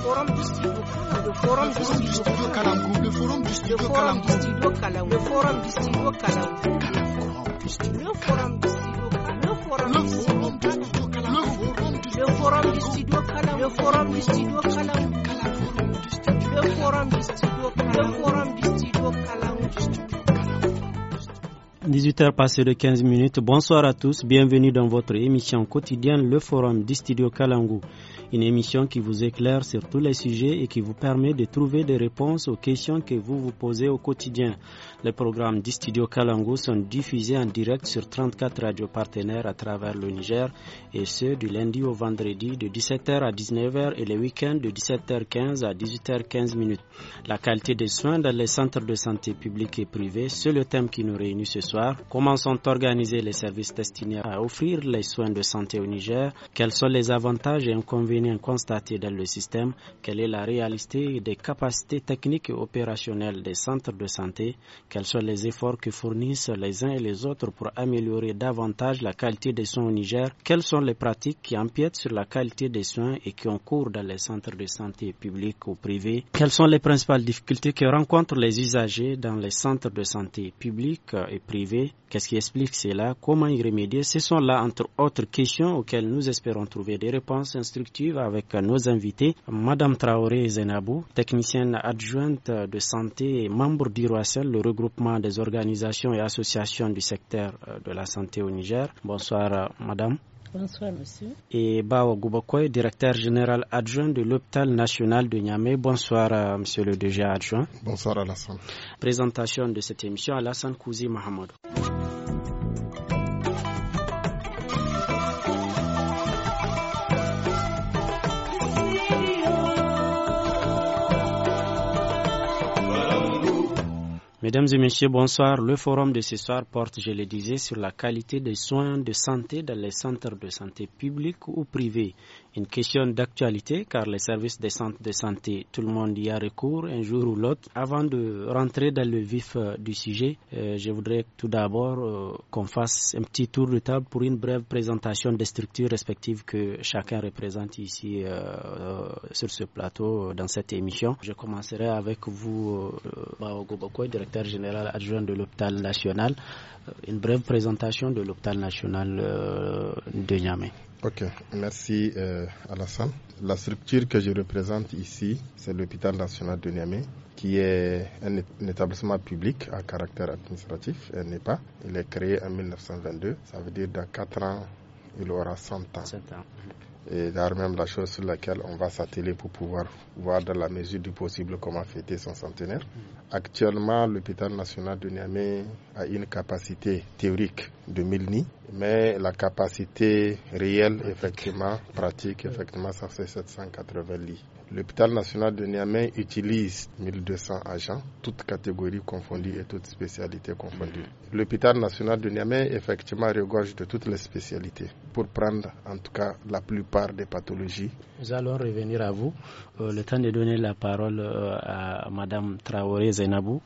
forum du studio le forum du studio Kalamkou le forum du studio Kalamkou le forum du studio Kalamkou le forum du studio le forum du studio Kalamkou le forum du studio Kalamkou le forum du studio Kalamkou le forum du studio Kalamkou le forum du studio Kalamkou 18h passé de 15 minutes. Bonsoir à tous. Bienvenue dans votre émission quotidienne Le Forum du Studio Kalangou une émission qui vous éclaire sur tous les sujets et qui vous permet de trouver des réponses aux questions que vous vous posez au quotidien. Les programmes du studio Kalango sont diffusés en direct sur 34 radios partenaires à travers le Niger et ce du lundi au vendredi de 17h à 19h et les week-ends de 17h15 à 18h15 minutes. La qualité des soins dans les centres de santé publics et privés, c'est le thème qui nous réunit ce soir. Comment sont organisés les services destinés à offrir les soins de santé au Niger Quels sont les avantages et inconvénients constatés dans le système Quelle est la réalité des capacités techniques et opérationnelles des centres de santé quels sont les efforts que fournissent les uns et les autres pour améliorer davantage la qualité des soins au Niger Quelles sont les pratiques qui empiètent sur la qualité des soins et qui ont cours dans les centres de santé publics ou privés Quelles sont les principales difficultés que rencontrent les usagers dans les centres de santé publics et privés Qu'est-ce qui explique cela Comment y remédier Ce sont là, entre autres questions, auxquelles nous espérons trouver des réponses instructives avec nos invités. Madame Traoré Zenabou, technicienne adjointe de santé et membre du le regroupement regroupement des organisations et associations du secteur euh, de la santé au Niger. Bonsoir, euh, madame. Bonsoir, monsieur. Et Bao Goubakoy, directeur général adjoint de l'hôpital national de Niamey. Bonsoir, euh, monsieur le DG adjoint. Bonsoir, Alassane. Présentation de cette émission, Alassane Kouzi Mahamadou. Mesdames et messieurs, bonsoir. Le forum de ce soir porte, je le disais, sur la qualité des soins de santé dans les centres de santé publics ou privés une question d'actualité car les services des centres de santé, tout le monde y a recours un jour ou l'autre. Avant de rentrer dans le vif euh, du sujet, euh, je voudrais tout d'abord euh, qu'on fasse un petit tour de table pour une brève présentation des structures respectives que chacun représente ici sur ce plateau dans cette émission. Je commencerai avec vous, Bao Goboko, directeur général adjoint de l'hôpital national. Une brève présentation de l'hôpital national de Niamey. Ok, merci euh, Alassane. La structure que je représente ici, c'est l'hôpital national de Niamey, qui est un, établissement public à caractère administratif, n'est pas, Il est créé en 1922, ça veut dire dans 4 ans, il aura 100 ans. 100 ans. Et d'ailleurs, même la chose sur laquelle on va s'atteler pour pouvoir voir dans la mesure du possible comment fêter son centenaire. Mm. Actuellement, l'hôpital national de Niamey a une capacité théorique de 1000 lits, mais la capacité réelle, effectivement, pratique, effectivement, ça fait 780 lits. L'hôpital national de Niamey utilise 1200 agents, toutes catégories confondues et toutes spécialités confondues. L'hôpital national de Niamey, effectivement, regorge de toutes les spécialités pour prendre en tout cas la plupart des pathologies. Nous allons revenir à vous. Euh, le temps de donner la parole euh, à Mme Traoré Zenabou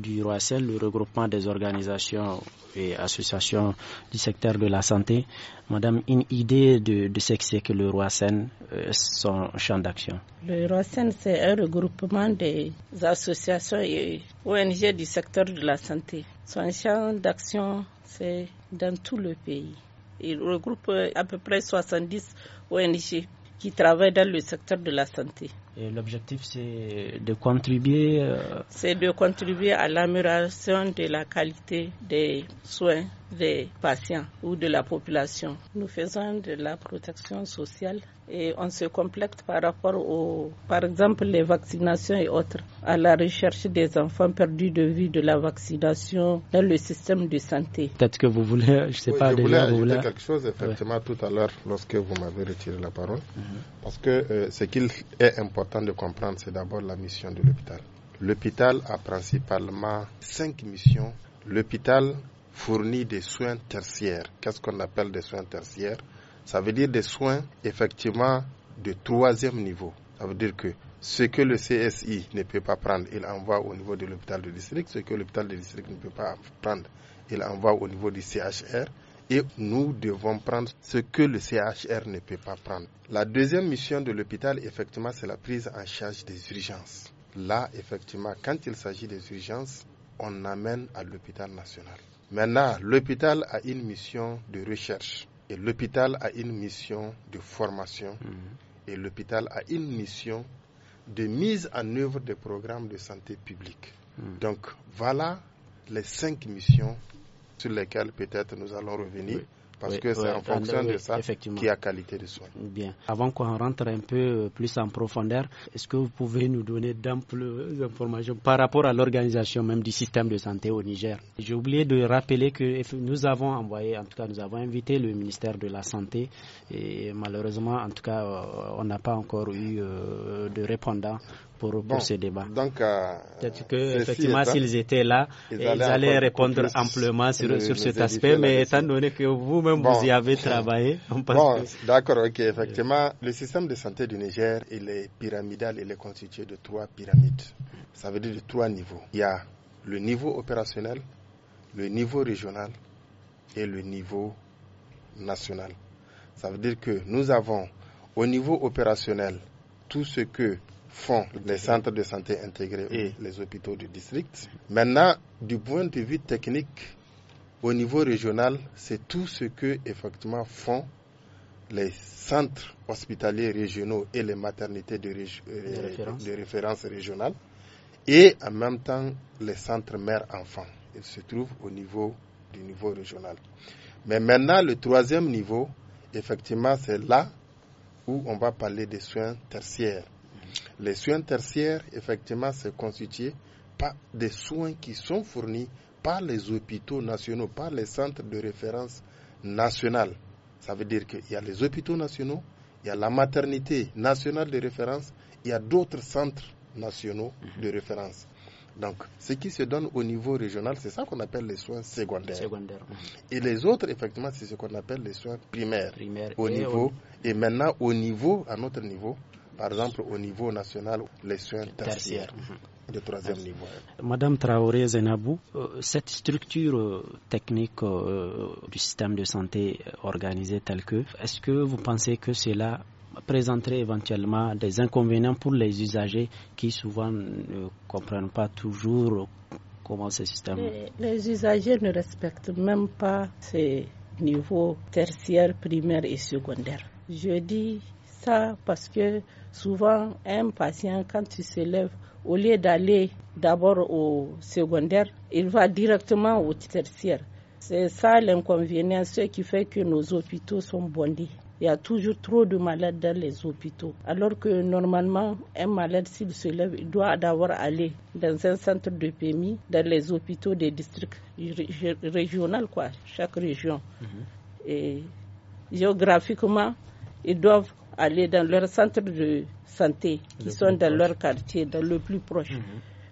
du Roasen, le regroupement des organisations et associations du secteur de la santé, Madame, une idée de, ce que c'est que le ROASEN, euh, son champ d'action Le ROASEN, c'est un regroupement des associations et ONG du secteur de la santé. Son champ d'action, c'est dans tout le pays. Il regroupe à peu près 70 ONG qui travaillent dans le secteur de la santé l'objectif, c'est de contribuer. Euh, c'est de contribuer à l'amélioration de la qualité des soins des patients ou de la population. Nous faisons de la protection sociale et on se complète par rapport aux, par exemple, les vaccinations et autres, à la recherche des enfants perdus de vue de la vaccination dans le système de santé. Peut-être que vous voulez, je sais pas, je ajouter quelque chose effectivement tout à l'heure lorsque vous m'avez retiré la parole, mhm. parce que euh, ce qu'il est important de comprendre, c'est d'abord la mission de l'hôpital. L'hôpital a principalement cinq missions. L'hôpital fournit des soins tertiaires. Qu'est-ce qu'on appelle des soins tertiaires Ça veut dire des soins effectivement de troisième niveau. Ça veut dire que ce que le CSI ne peut pas prendre, il envoie au niveau de l'hôpital de district. Ce que l'hôpital de district ne peut pas prendre, il envoie au niveau du CHR. Et nous devons prendre ce que le CHR ne peut pas prendre. La deuxième mission de l'hôpital, effectivement, c'est la prise en charge des urgences. Là, effectivement, quand il s'agit des urgences, on amène à l'hôpital national. Maintenant, l'hôpital a une mission de recherche et l'hôpital a une mission de formation mhm. et l'hôpital a une mission de mise en œuvre des programmes de santé publique. Mhm. Donc voilà les cinq missions sur lesquelles peut-être nous allons revenir. Parce que c'est en fonction de ça y a qualité de soins. Bien. Avant qu'on rentre un peu plus en profondeur, est-ce que vous pouvez nous donner d'amples informations par rapport à l'organisation même du système de santé au Niger J'ai oublié de rappeler que nous avons envoyé, en tout cas nous avons invité le ministère de la Santé et malheureusement, en tout cas, euh, on n'a pas encore eu euh, de répondant pour, ce débat. Donc, euh, effectivement, s'ils étaient là, ils, eh, allaient, répondre amplement sur, sur cet aspect, mais étant donné que vous-même vous y avez travaillé, bon, d'accord, ok, effectivement, le système de santé du Niger, il est pyramidal, il est constitué de trois pyramides. Ça veut dire de trois niveaux. Il y a le niveau opérationnel, le niveau régional et le niveau national. Ça veut dire que nous avons au niveau opérationnel tout ce que font les centres de santé intégrés et les hôpitaux du district. Maintenant, du point de vue technique, au niveau régional, c'est tout ce que effectivement font les centres hospitaliers régionaux et les maternités de, euh, référence. régionale et en même temps les centres mères-enfants, Ils se trouvent au niveau du niveau régional. Mais maintenant, le troisième niveau, effectivement, c'est là où on va parler des soins tertiaires les soins tertiaires, effectivement, se constituent par des soins qui sont fournis par les hôpitaux nationaux, par les centres de référence nationaux Ça veut dire qu'il y a les hôpitaux nationaux, il y a la maternité nationale de référence, il y a d'autres centres nationaux mhm. de référence. Donc, ce qui se donne au niveau régional, c'est ça qu'on appelle les soins secondaires. Et les autres, effectivement, c'est ce qu'on appelle les soins primaires. au niveau, et maintenant au niveau, à notre niveau, par exemple, au niveau national, les soins tertiaires. Mhm. De troisième niveau. Madame Traoré Zenabou, euh, cette structure euh, technique euh, du système de santé organisé tel que, est-ce que vous pensez que cela présenterait éventuellement des inconvénients pour les usagers qui souvent ne comprennent pas toujours comment ce système. Les, les usagers ne respectent même pas ces niveaux tertiaires, primaires et secondaires. Je dis ça parce que Souvent, un patient, quand il se lève, au lieu d'aller d'abord au secondaire, il va directement au tertiaire. C'est ça l'inconvénient, ce qui fait que nos hôpitaux sont bondés. Il y a toujours trop de malades dans les hôpitaux. Alors que normalement, un malade, s'il se lève, il doit d'abord aller dans un centre de PMI, dans les hôpitaux des districts régionaux, quoi, chaque région. Mhm. Et géographiquement, ils doivent aller dans leur centre de santé qui sont dans leur quartier, dans le plus proche. Mhm.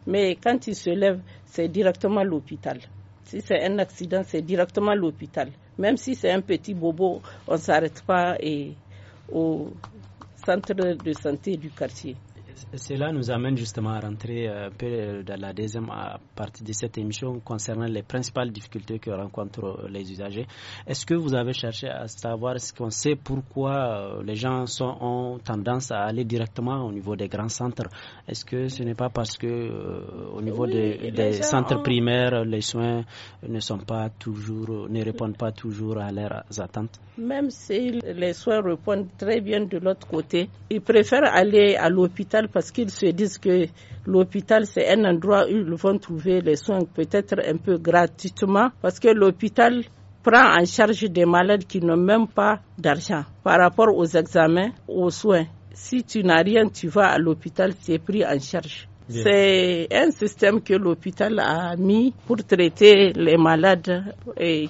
Mais quand ils se lèvent, c'est directement l'hôpital. Si c'est un accident, c'est directement l'hôpital. Même si c'est un petit bobo, on ne s'arrête pas et, au centre de santé du quartier. Cela nous amène justement à rentrer un peu euh, dans la deuxième euh, partie de cette émission concernant les principales difficultés que rencontrent euh, les usagers. Est-ce que vous avez cherché à savoir ce qu'on sait pourquoi les gens sont, ont tendance à aller directement au niveau des grands centres Est-ce que ce n'est pas parce que au niveau des, centres primaires, les soins ne sont pas toujours, ne répondent pas toujours à leurs attentes Même si les soins répondent très bien de l'autre côté, ils préfèrent aller à l'hôpital parce qu'ils se disent que l'hôpital, c'est un endroit où ils vont trouver les soins peut-être un peu gratuitement parce que l'hôpital prend en charge des malades qui n'ont même pas d'argent par rapport aux examens, aux soins. Si tu n'as rien, tu vas à l'hôpital, c'est pris en charge. C'est un système que l'hôpital a mis pour traiter les malades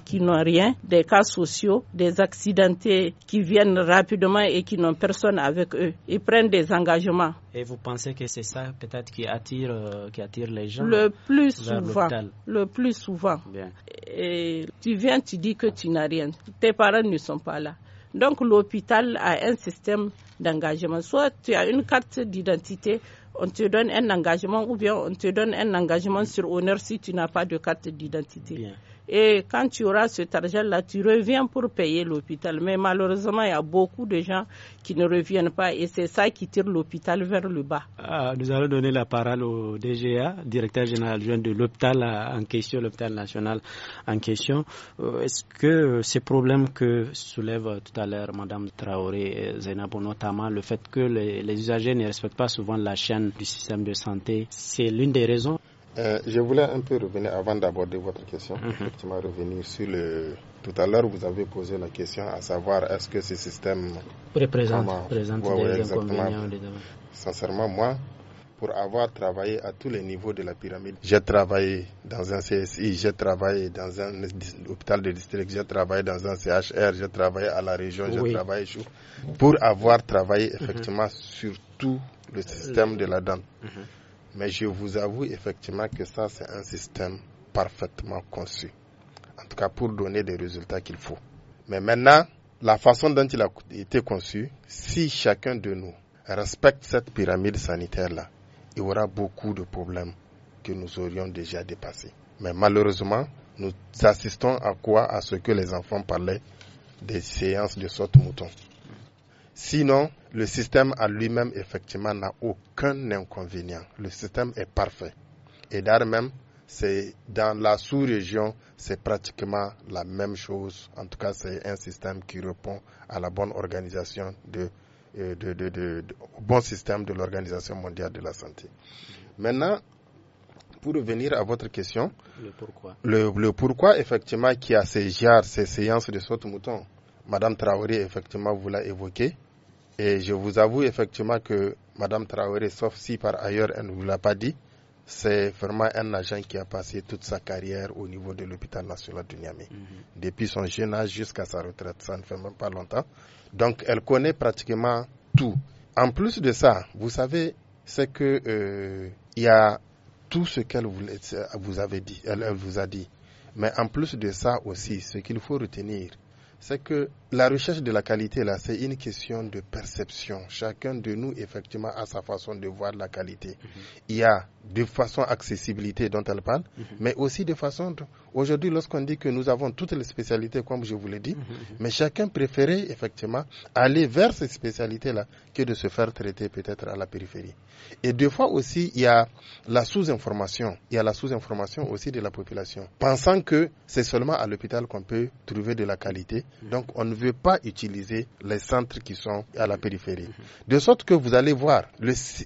qui n'ont rien, des cas sociaux, des accidentés qui viennent rapidement et qui n'ont personne avec eux. Ils prennent des engagements. Et vous pensez que c'est ça peut-être qui attire, euh, qui attire les gens Le plus souvent. Le plus souvent. Bien. Et tu viens, tu dis que tu n'as rien. Tes parents ne sont pas là. Donc l'hôpital a un système d'engagement. Soit tu as une carte d'identité, on te donne un engagement ou bien on te donne un engagement sur honneur si tu n'as pas de carte d'identité. Et quand tu auras cet argent-là, tu reviens pour payer l'hôpital. Mais malheureusement, il y a beaucoup de gens qui ne reviennent pas et c'est ça qui tire l'hôpital vers le bas. Ah, nous allons donner la parole au DGA, directeur général adjoint de l'hôpital euh, en question, l'hôpital national en question. Euh, est-ce que ces problèmes que soulève tout à l'heure Mme Traoré et notamment le fait que les usagers ne respectent pas souvent la chaîne du système de santé, c'est l'une des raisons euh, je voulais un peu revenir, avant d'aborder votre question, mhm. effectivement revenir sur le... Tout à l'heure, vous avez posé la question à savoir est-ce que ce système... Représente, des inconvénients. Sincèrement, moi, pour avoir travaillé à tous les niveaux de la pyramide. J'ai travaillé dans un CSI, j'ai travaillé dans un hôpital de district, j'ai travaillé dans un CHR, j'ai travaillé à la région, j'ai travaillé pour avoir travaillé mhm. effectivement sur tout le euh, système de la dent. Mhm. Mais je vous avoue effectivement que ça, c'est un système parfaitement conçu. En tout cas, pour donner des résultats qu'il faut. Mais maintenant, la façon dont il a été conçu, si chacun de nous respecte cette pyramide sanitaire-là, il y aura beaucoup de problèmes que nous aurions déjà dépassés. Mais malheureusement, nous assistons à quoi À ce que les enfants parlaient des séances de saute-mouton. Sinon, le système à lui-même, effectivement, n'a aucun inconvénient. Le système est parfait. Et d'ailleurs même, c'est dans la sous-région, c'est pratiquement la même chose. En tout cas, c'est un système qui répond à la bonne organisation de, euh, de, au bon système de l'Organisation mondiale de la santé. Maintenant, pour revenir à votre question, le pourquoi, effectivement, qui a ces jars, ces séances de saute-mouton, Madame Traoré, effectivement, vous l'a évoqué. Et je vous avoue effectivement que Mme Traoré, sauf si par ailleurs elle ne vous l'a pas dit, c'est vraiment un agent qui a passé toute sa carrière au niveau de l'hôpital national du Niamey, mhm. depuis son jeune âge jusqu'à sa retraite, ça ne fait même pas longtemps. Donc elle connaît pratiquement tout. En plus de ça, vous savez, c'est que euh, il y a tout ce qu'elle vous avait dit, elle vous a dit. Mais en plus de ça aussi, ce qu'il faut retenir, c'est que la recherche de la qualité, là, c'est une question de perception. Chacun de nous, effectivement, a sa façon de voir la qualité. Mhm. Il y a de façon accessibilité dont elle parle, mhm. mais aussi de façon... Aujourd'hui, lorsqu'on dit que nous avons toutes les spécialités, comme je vous l'ai dit, mhm, mais chacun préférait, effectivement, aller vers ces spécialités-là que de se faire traiter peut-être à la périphérie. Et deux fois aussi, il y a la sous-information. Il y a la sous-information aussi de la population. Pensant que c'est seulement à l'hôpital qu'on peut trouver de la qualité, donc on ne pas utiliser les centres qui sont à la périphérie. De sorte que vous allez voir,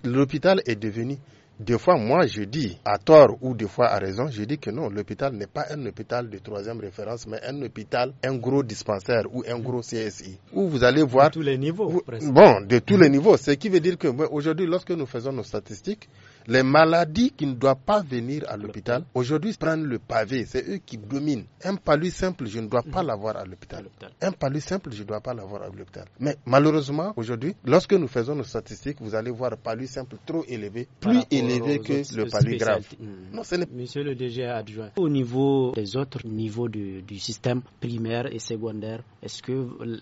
l'hôpital est devenu des fois, moi, je dis, à tort ou des fois à raison, je dis que non, l'hôpital n'est pas un hôpital de troisième référence, mais un hôpital, un gros dispensaire ou un gros CSI. Où vous allez voir. De tous les niveaux. bon, de tous les niveaux. Ce qui veut dire que aujourd'hui, lorsque nous faisons nos statistiques, les maladies qui ne doivent pas venir à l'hôpital, aujourd'hui prennent le pavé, c'est eux qui dominent. Un palu simple, je ne dois pas mhm. l'avoir à l'hôpital. Un palu simple, je ne dois pas l'avoir à l'hôpital. Mais malheureusement, aujourd'hui, lorsque nous faisons nos statistiques, vous allez voir palu simple trop élevé, plus élevé que le palu grave. Mhm. Monsieur le DG adjoint, au niveau des autres niveaux du, système primaire et secondaire, est-ce que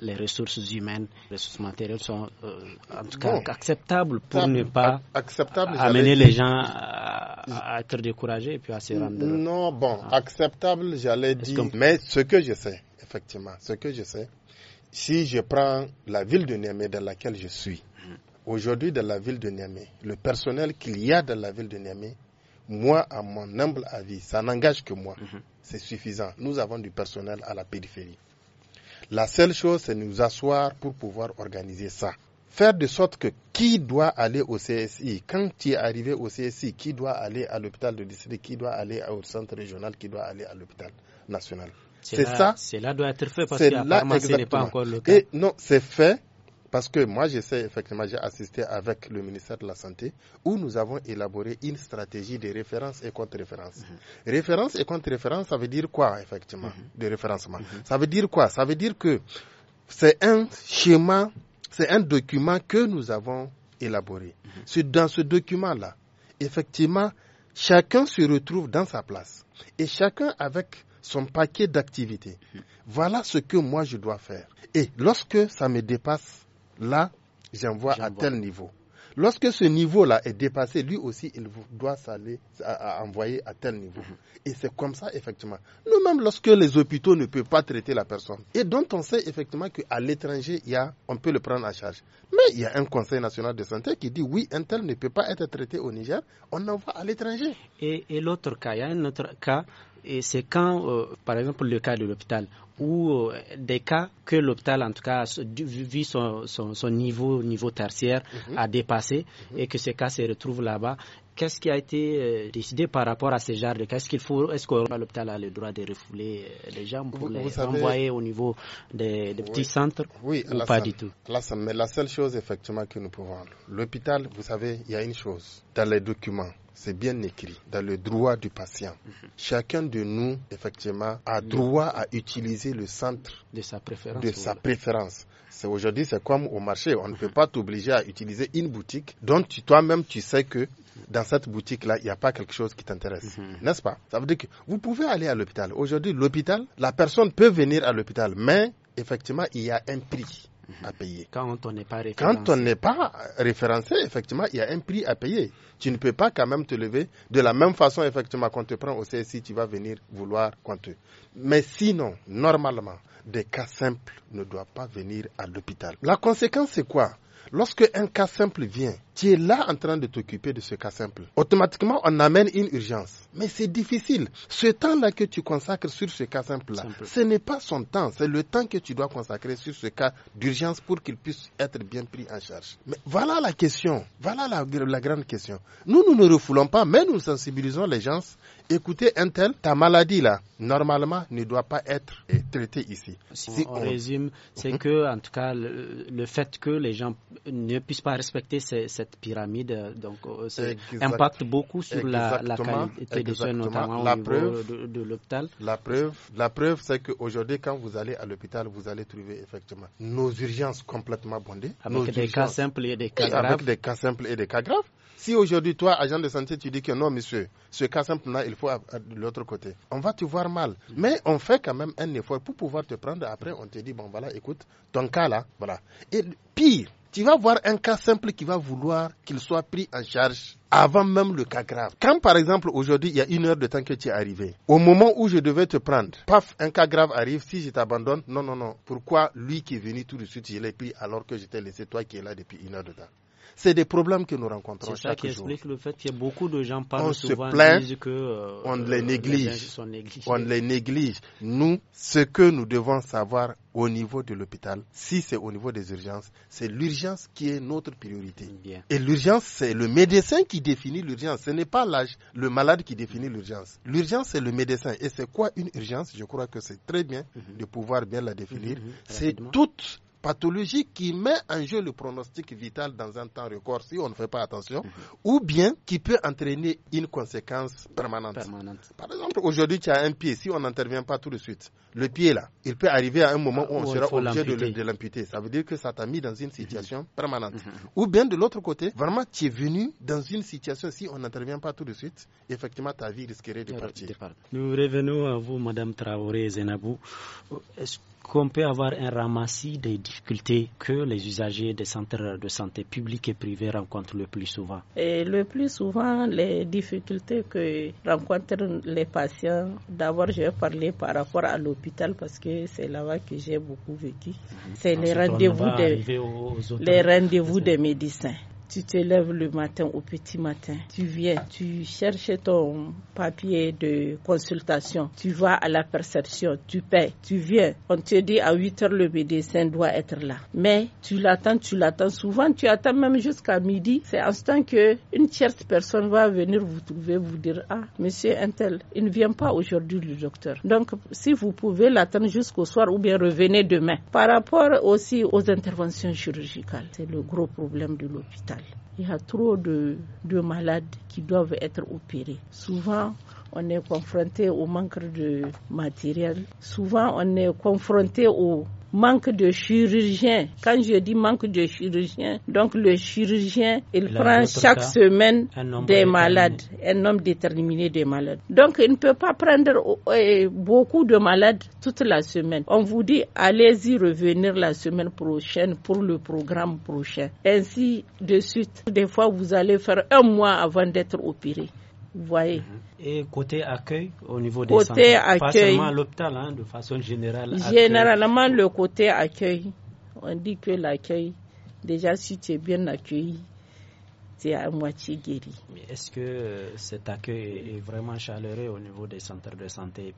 les ressources humaines, les ressources matérielles sont euh, en tout cas acceptables pour ne pas acceptable, amener les les gens à, être découragés et puis à se rendre. Non, bon, ah. acceptable, j'allais dire. Mais ce que je sais, effectivement, ce que je sais, si je prends la ville de Niamey dans laquelle je suis, mm. aujourd'hui dans la ville de Niamey, le personnel qu'il y a dans la ville de Niamey, moi, à mon humble avis, ça n'engage que moi. Mm-hmm. C'est suffisant. Nous avons du personnel à la périphérie. La seule chose, c'est nous asseoir pour pouvoir organiser ça faire de sorte que qui doit aller au CSI, quand tu es arrivé au CSI, qui doit aller à l'hôpital de district, qui doit aller au centre régional, qui doit aller à l'hôpital national. C'est ça. Cela doit être fait parce que ce n'est pas encore le cas. Et non, c'est fait parce que moi, j'essaie effectivement, j'ai assisté avec le ministère de la Santé où nous avons élaboré une stratégie de référence et contre-référence. Mhm. Référence et contre-référence, ça veut dire quoi, effectivement, mhm. de référencement mhm. Ça veut dire quoi Ça veut dire que c'est un schéma c'est un document que nous avons élaboré. Mhm. c'est Dans ce document-là, effectivement, chacun se retrouve dans sa place et chacun avec son paquet d'activités. Mhm. Voilà ce que moi je dois faire. Et lorsque ça me dépasse, là, j'envoie à tel niveau. Lorsque ce niveau-là est dépassé, lui aussi, il doit s'aller à, envoyer à tel niveau. Et c'est comme ça, effectivement. Nous-mêmes, lorsque les hôpitaux ne peuvent pas traiter la personne, et dont on sait effectivement qu'à l'étranger, on peut le prendre en charge. Mais il y a un Conseil national de santé qui dit oui, un tel ne peut pas être traité au Niger, on envoie à l'étranger. Et, l'autre cas, il y a un autre cas, et c'est quand, euh, par exemple, le cas de l'hôpital, ou euh, des cas que l'hôpital, en tout cas, vu son, niveau, niveau tertiaire, mhm. a dépassé mhm. et que ces cas se retrouvent là-bas qu'est-ce qui a été euh, décidé par rapport à ce genre de cas Est-ce qu'il faut, est-ce que l'hôpital a le droit de refouler euh, les gens pour les envoyer au niveau des, petits centres ou pas du tout. Là, mais la seule chose effectivement que nous pouvons, l'hôpital, vous savez, il y a une chose dans les documents c'est bien écrit dans le droit du patient. Mhm. Chacun de nous, effectivement, a droit à utiliser le centre de sa préférence. De sa préférence. C'est aujourd'hui, c'est comme au marché. On ne mhm. peut pas t'obliger à utiliser une boutique dont toi-même tu sais que dans cette boutique-là, il n'y a pas quelque chose qui t'intéresse. Mhm. N'est-ce pas Ça veut dire que vous pouvez aller à l'hôpital. Aujourd'hui, l'hôpital, la personne peut venir à l'hôpital, mais effectivement, il y a un prix à payer. Quand on n'est pas référencé. effectivement, il y a un prix à payer. Tu ne peux pas quand même te lever de la même façon, effectivement, qu'on te prend au CSI, tu vas venir vouloir qu'on te. Mais sinon, normalement, des cas simples ne doivent pas venir à l'hôpital. La conséquence, c'est quoi Lorsque un cas simple vient, tu es là en train de t'occuper de ce cas simple. Automatiquement, on amène une urgence. Mais c'est difficile. Ce temps-là que tu consacres sur ce cas simple-là, ce n'est pas son temps, c'est le temps que tu dois consacrer sur ce cas d'urgence pour qu'il puisse être bien pris en charge. Mais voilà la question, voilà la, grande question. Nous, nous ne refoulons pas, mais nous sensibilisons les gens. Écoutez, un tel, ta maladie là, normalement, ne doit pas être traitée ici. Si, on, résume, c'est mhm. que, en tout cas, le, fait que les gens ne puissent pas respecter cette pyramide, donc, euh, ça impacte beaucoup sur la, la qualité la preuve, de, l'hôpital. La preuve, la preuve c'est qu'aujourd'hui, quand vous allez à l'hôpital, vous allez trouver effectivement nos urgences complètement bondées. Avec des cas simples et des cas graves. des cas simples et des cas graves. Si aujourd'hui, toi, agent de santé, tu dis que non, monsieur, ce cas simple-là, il faut de l'autre côté, on va te voir mal. Mais on fait quand même un effort pour pouvoir te prendre. Après, on te dit, bon, voilà, écoute, ton cas-là, voilà. Et pire, tu vas voir un cas simple qui va vouloir qu'il soit pris en charge avant même le cas grave. Quand par exemple aujourd'hui il y a une heure de temps que tu es arrivé, au moment où je devais te prendre, paf, un cas grave arrive, si je t'abandonne, non, non, non, pourquoi lui qui est venu tout de suite, je l'ai pris alors que je t'ai laissé toi qui es là depuis une heure de temps c'est des problèmes que nous rencontrons chaque jour. ça qui explique le fait qu'il y a beaucoup de gens parlent on souvent se plaint, que euh, on les néglige, on les néglige. Nous, ce que nous devons savoir au niveau de l'hôpital, si c'est au niveau des urgences, c'est l'urgence qui est notre priorité. Et l'urgence, c'est le médecin qui définit l'urgence. Ce n'est pas l'âge, le malade qui définit l'urgence. L'urgence, c'est le médecin. Et c'est quoi une urgence Je crois que c'est très bien mhm. de pouvoir bien la définir. Mhm. Mhm. C'est toute pathologie qui met en jeu le pronostic vital dans un temps record si on ne fait pas attention, mhm. ou bien qui peut entraîner une conséquence permanente. Par exemple, aujourd'hui, tu as un pied, si on n'intervient pas tout de suite, le pied là, il peut arriver à un moment ah, où, on sera obligé de l'amputer. Ça veut dire que ça t'a mis dans une situation mhm. permanente. Mhm. Ou bien de l'autre côté, vraiment, tu es venu dans une situation, si on n'intervient pas tout de suite, effectivement, ta vie risquerait de euh, partir. Nous revenons à vous, Madame Traoré Zenabou. Euh, est-ce qu'on peut avoir un ramassis des difficultés que les usagers des centres de santé publics et privés rencontrent le plus souvent et Le plus souvent, les difficultés que rencontrent les patients, d'abord je vais parler par rapport à l'hôpital parce que c'est là-bas que j'ai beaucoup vécu, mhm. c'est les rendez-vous des, les rendez-vous des médecins tu te lèves le matin au petit matin, tu viens, tu cherches ton papier de consultation, tu vas à la perception, tu payes, tu viens. On te dit à 8 heures le médecin doit être là. Mais tu l'attends, tu l'attends souvent, tu attends même jusqu'à midi. C'est en ce temps que une tierce personne va venir vous trouver, vous dire ah monsieur intel il ne vient pas aujourd'hui le docteur. Donc si vous pouvez l'attendre jusqu'au soir ou bien revenez demain. Par rapport aussi aux interventions chirurgicales, c'est le gros problème de l'hôpital. Il y a trop de, malades qui doivent être opérés. Souvent, on est confronté au manque de matériel. Souvent, on est confronté au manque de chirurgien. Quand je dis manque de chirurgien, donc le chirurgien, il prend chaque semaine des malades, un nombre déterminé des malades. Donc il ne peut pas prendre euh, euh, beaucoup de malades toute la semaine. On vous dit allez-y revenir la semaine prochaine pour le programme prochain. Ainsi de suite. Des fois, vous allez faire un mois avant d'être opéré voyez. Mhm. Et côté accueil au niveau des centres, accueil, pas seulement l'hôpital, hein, de façon générale. Généralement, le côté accueil, on dit que l'accueil, déjà si tu es bien accueilli, tu es à moitié guéri. Mais est-ce que euh, cet accueil est vraiment chaleureux au niveau des centres de santé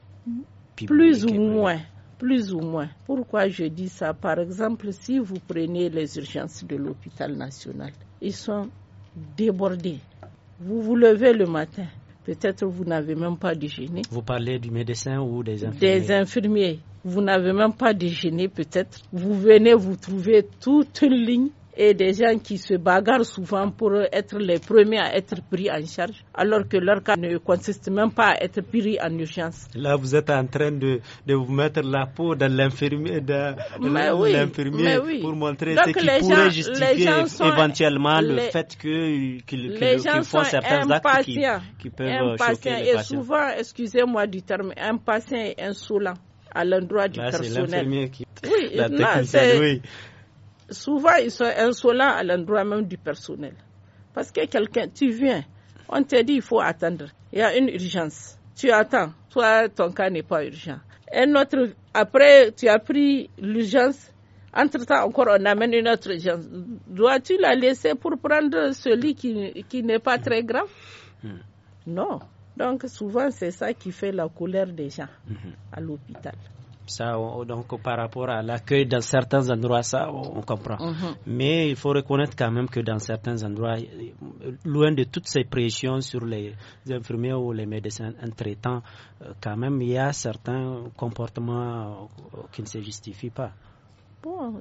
Plus ou moins. Plus ou moins. Pourquoi je dis ça Par exemple, si vous prenez les urgences de l'hôpital national, ils sont débordés. Vous vous levez le matin, peut-être vous n'avez même pas déjeuné. Vous parlez du médecin ou des infirmiers Des infirmiers. Vous n'avez même pas déjeuné peut-être. Vous venez, vous trouvez toute une ligne et des gens qui se bagarrent souvent pour être les premiers à être pris en charge, alors que leur cas ne consiste même pas à être pris en urgence. Là, vous êtes en train de, de vous mettre la peau dans l'infirmier de oui. pour montrer ce qui pourrait justifier éventuellement le fait qu'ils qu qu font certains actes qui, peuvent choquer les et souvent, excusez-moi du terme, impatients et insolent à l'endroit du Là, personnel. Qui... Oui, non, oui souvent ils sont insolents à l'endroit même du personnel. Parce que quelqu'un, tu viens, on te dit il faut attendre. Il y a une urgence. Tu attends. Toi, ton cas n'est pas urgent. autre, après, tu as pris l'urgence. Entre-temps, encore, on amène une autre urgence. Dois-tu la laisser pour prendre celui qui, qui n'est pas très grand hmm. Non. Donc, souvent, c'est ça qui fait la colère des gens hmm. à l'hôpital donc, par rapport à l'accueil dans certains endroits, ça, on, comprend. Mhm. Mais il faut reconnaître quand même que dans certains endroits, euh, loin de toutes ces pressions sur les infirmiers ou les médecins traitants, euh, quand même, il y a certains comportements euh, qui ne se justifient pas. Bon,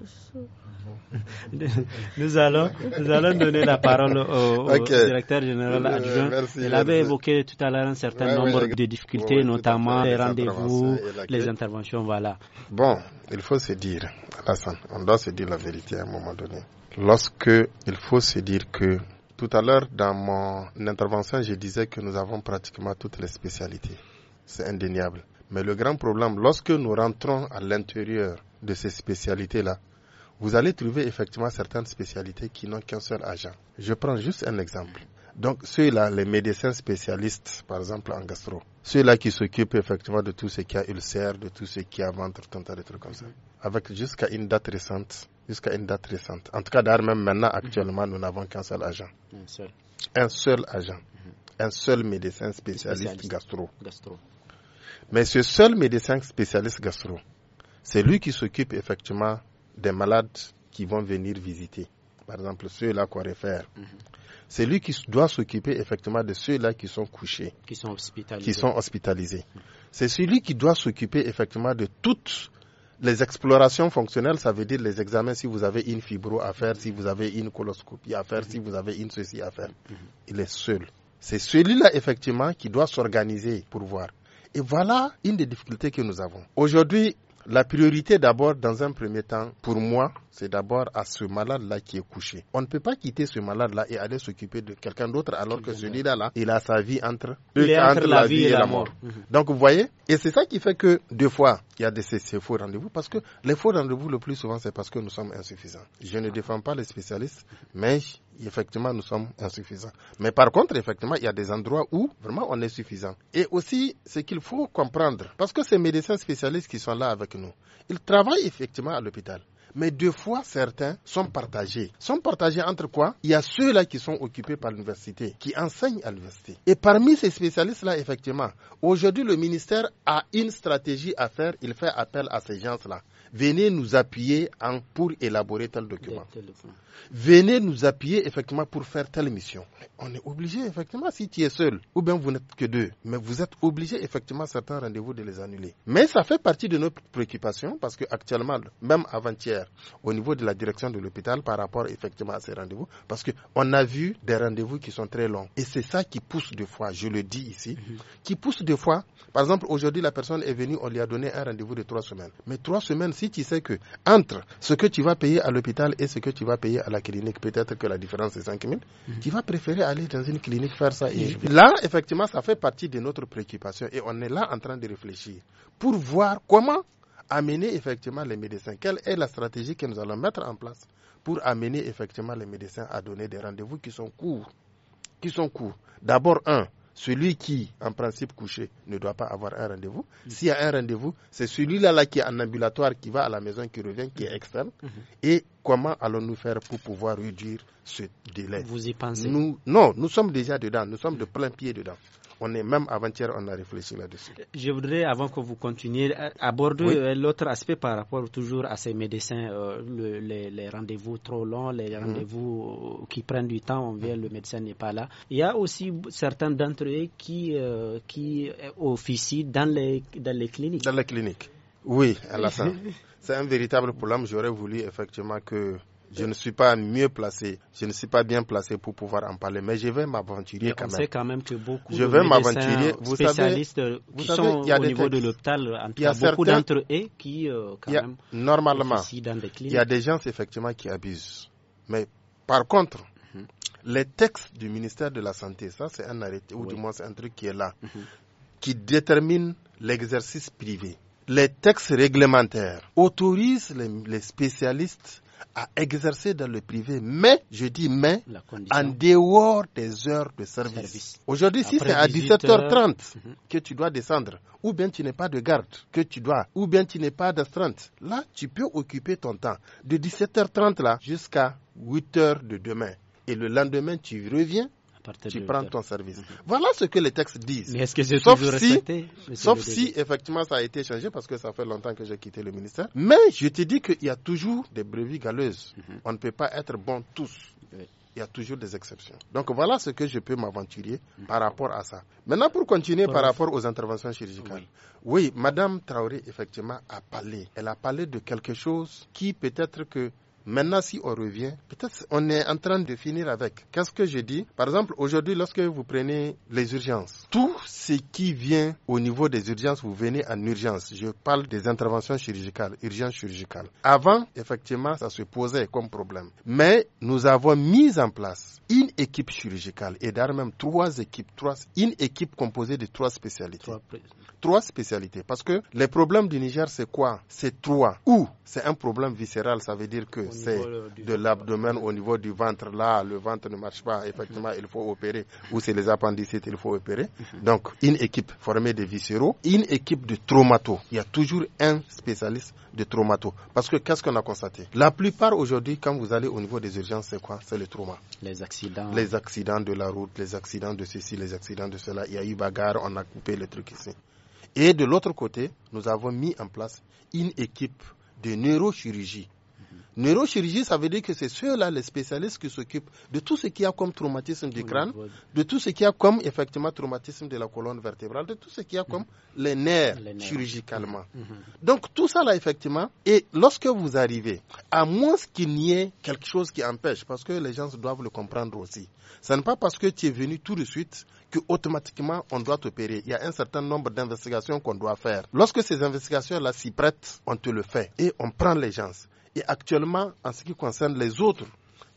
nous, allons, nous allons donner la parole au, directeur général euh, adjoint. Il avait évoqué tout à l'heure un certain nombre de difficultés, notamment les rendez-vous, les interventions, voilà. Bon, il faut se dire, Alassane, on doit se dire la vérité à un moment donné. Lorsque il faut se dire que tout à l'heure dans mon intervention, je disais que nous avons pratiquement toutes les spécialités. C'est indéniable. Mais le grand problème, lorsque nous rentrons à l'intérieur de ces spécialités-là, vous allez trouver effectivement certaines spécialités qui n'ont qu'un seul agent. Je prends juste un exemple. Donc ceux-là, les médecins spécialistes, par exemple en gastro, ceux-là qui s'occupent effectivement de tout ce qui a ulcère, de tout ce qui a ventre, tant à trucs comme ça, avec jusqu'à une date récente, jusqu'à une date récente. En tout cas, d'ailleurs même maintenant, actuellement, mhm. nous n'avons qu'un seul agent. Un seul. Un seul agent. Mhm. Un seul médecin spécialiste, gastro. Mais ce seul médecin spécialiste gastro, c'est lui qui s'occupe effectivement des malades qui vont venir visiter. Par exemple, ceux-là qu'on réfère. Mhm. C'est lui qui doit s'occuper effectivement de ceux-là qui sont couchés. Qui sont hospitalisés. Qui sont hospitalisés. C'est celui qui doit s'occuper effectivement de toutes les explorations fonctionnelles, ça veut dire les examens si vous avez une fibro à faire, si vous avez une coloscopie à faire, si vous avez une ceci à faire. Mhm. Il est seul. C'est celui-là, effectivement, qui doit s'organiser pour voir. Et voilà une des difficultés que nous avons. Aujourd'hui, la priorité d'abord, dans un premier temps, pour moi, c'est d'abord à ce malade-là qui est couché. On ne peut pas quitter ce malade-là et aller s'occuper de quelqu'un d'autre alors que celui-là, il a sa vie entre, entre, la, vie et, la mort. Donc vous voyez, et c'est ça qui fait que deux fois, il y a des, ces faux rendez-vous parce que les faux rendez-vous, le plus souvent, c'est parce que nous sommes insuffisants. Je ne défends pas les spécialistes, mais effectivement, nous sommes insuffisants. Mais par contre, effectivement, il y a des endroits où vraiment on est suffisant. Et aussi, ce qu'il faut comprendre, parce que ces médecins spécialistes qui sont là avec nous, ils travaillent effectivement à l'hôpital mais deux fois certains sont partagés. Sont partagés entre quoi Il y a ceux-là qui sont occupés par l'université, qui enseignent à l'université. Et parmi ces spécialistes-là, effectivement, aujourd'hui le ministère a une stratégie à faire, il fait appel à ces gens-là. Venez nous appuyer en, pour élaborer tel document. Venez nous appuyer effectivement pour faire telle mission. On est obligé effectivement si tu es seul ou bien vous n'êtes que deux, mais vous êtes obligé effectivement certains rendez-vous de les annuler. Mais ça fait partie de nos préoccupations parce que actuellement, même avant-hier, au niveau de la direction de l'hôpital par rapport effectivement à ces rendez-vous parce qu'on a vu des rendez-vous qui sont très longs. Et c'est ça qui pousse des fois, je le dis ici, mhm. qui pousse des fois. Par exemple, aujourd'hui, la personne est venue, on lui a donné un rendez-vous de trois semaines. Mais trois semaines, si tu sais que entre ce que tu vas payer à l'hôpital et ce que tu vas payer à la clinique, peut-être que la différence est 5 000, mhm. tu vas préférer aller dans une clinique faire ça. Et... Là, effectivement, ça fait partie de notre préoccupation et on est là en train de réfléchir pour voir comment amener effectivement les médecins. Quelle est la stratégie que nous allons mettre en place pour amener effectivement les médecins à donner des rendez-vous qui sont courts Qui sont courts. D'abord, un, celui qui, en principe couché, ne doit pas avoir un rendez-vous. Mm. S'il y a un rendez-vous, c'est celui-là là, qui est en ambulatoire, qui va à la maison, qui revient, qui est externe. Mm-hmm. Et comment allons-nous faire pour pouvoir réduire ce délai Vous y pensez nous, Non, nous sommes déjà dedans, nous sommes de plein pied dedans. On est même avant-hier, on a réfléchi là-dessus. Je voudrais, avant que vous continuiez, euh, aborder euh, l'autre aspect par rapport toujours à ces médecins, euh, les, rendez-vous trop longs, les mhm. rendez-vous qui prennent du temps, on vient, le médecin n'est pas là. Il y a aussi certains d'entre eux qui, qui officient dans les, dans les cliniques. Dans les cliniques. Oui, à la fin. C'est un véritable problème. J'aurais voulu effectivement que je ne suis pas mieux placé, je ne suis pas bien placé pour pouvoir en parler, mais je vais m'aventurer quand même. Je Sait quand même que beaucoup je vais m'aventurer. spécialistes qui savez, sont au niveau de l'hôpital, il y a beaucoup d'entre eux qui, euh, quand même, normalement, il y a des gens effectivement qui abusent. Mais par contre, mhm. les textes du ministère de la Santé, ça c'est un arrêté, ou du moins c'est un truc qui est là, mhm. qui détermine l'exercice privé les textes réglementaires autorisent les, spécialistes à exercer dans le privé, mais, je dis mais, en dehors des heures de service. Aujourd'hui, si c'est à 17h30 mm-hmm. que tu dois descendre, ou bien tu n'es pas de garde, que tu dois, ou bien tu n'es pas d'astreinte, là, tu peux occuper ton temps de 17h30 là jusqu'à 8h de demain. Et le lendemain, tu reviens tu prends ton service. Mhm. Voilà ce que les textes disent. Mais est-ce que toujours si, respecté, Sauf si, effectivement, ça a été changé parce que ça fait longtemps que j'ai quitté le ministère. Mais je te dis qu'il y a toujours des brebis galeuses. Mhm. On ne peut pas être bon tous. il y a toujours des exceptions. Donc voilà ce que je peux m'aventurer mhm. par rapport à ça. Maintenant, pour continuer par, rapport aux interventions chirurgicales. Oui. oui, Madame Traoré, effectivement, a parlé. Elle a parlé de quelque chose qui peut-être que Maintenant, si on revient, peut-être on est en train de finir avec. Qu'est-ce que je dis Par exemple, aujourd'hui, lorsque vous prenez les urgences, tout ce qui vient au niveau des urgences, vous venez en urgence. Je parle des interventions chirurgicales, urgences chirurgicales. Avant, effectivement, ça se posait comme problème. Mais nous avons mis en place une équipe chirurgicale et d'ailleurs même trois équipes, trois, une équipe composée de trois spécialités. Trois trois spécialités. Parce que les problèmes du Niger, c'est quoi C'est trois. Ou c'est un problème viscéral, ça veut dire que c'est euh, de l'abdomen au niveau du ventre. Là, le ventre ne marche pas, effectivement, il faut opérer. Ou c'est les appendicites, il faut opérer. Mhm. Donc, une équipe formée de viscéraux, une équipe de traumato. Il y a toujours un spécialiste de traumato. Parce que qu'est-ce qu'on a constaté La plupart aujourd'hui, quand vous allez au niveau des urgences, c'est quoi C'est le trauma. Les accidents. Les accidents de la route, les accidents de ceci, les accidents de cela. Il y a eu bagarre, on a coupé le truc ici. Et de l'autre côté, nous avons mis en place une équipe de neurochirurgie Neurochirurgie, ça veut dire que c'est ceux-là, les spécialistes qui s'occupent de tout ce qu'il y a comme traumatisme du crâne, de tout ce qui y a comme effectivement traumatisme de la colonne vertébrale, de tout ce qui a comme mhm. les nerfs, chirurgicalement. Mhm. Mhm. Donc tout ça là, effectivement, et lorsque vous arrivez, à moins qu'il n'y ait quelque chose qui empêche, parce que les gens doivent le comprendre aussi, ce n'est pas parce que tu es venu tout de suite que automatiquement on doit t'opérer. Il y a un certain nombre d'investigations qu'on doit faire. Lorsque ces investigations-là s'y prêtent, on te le fait et on prend les gens. Et actuellement, en ce qui concerne les autres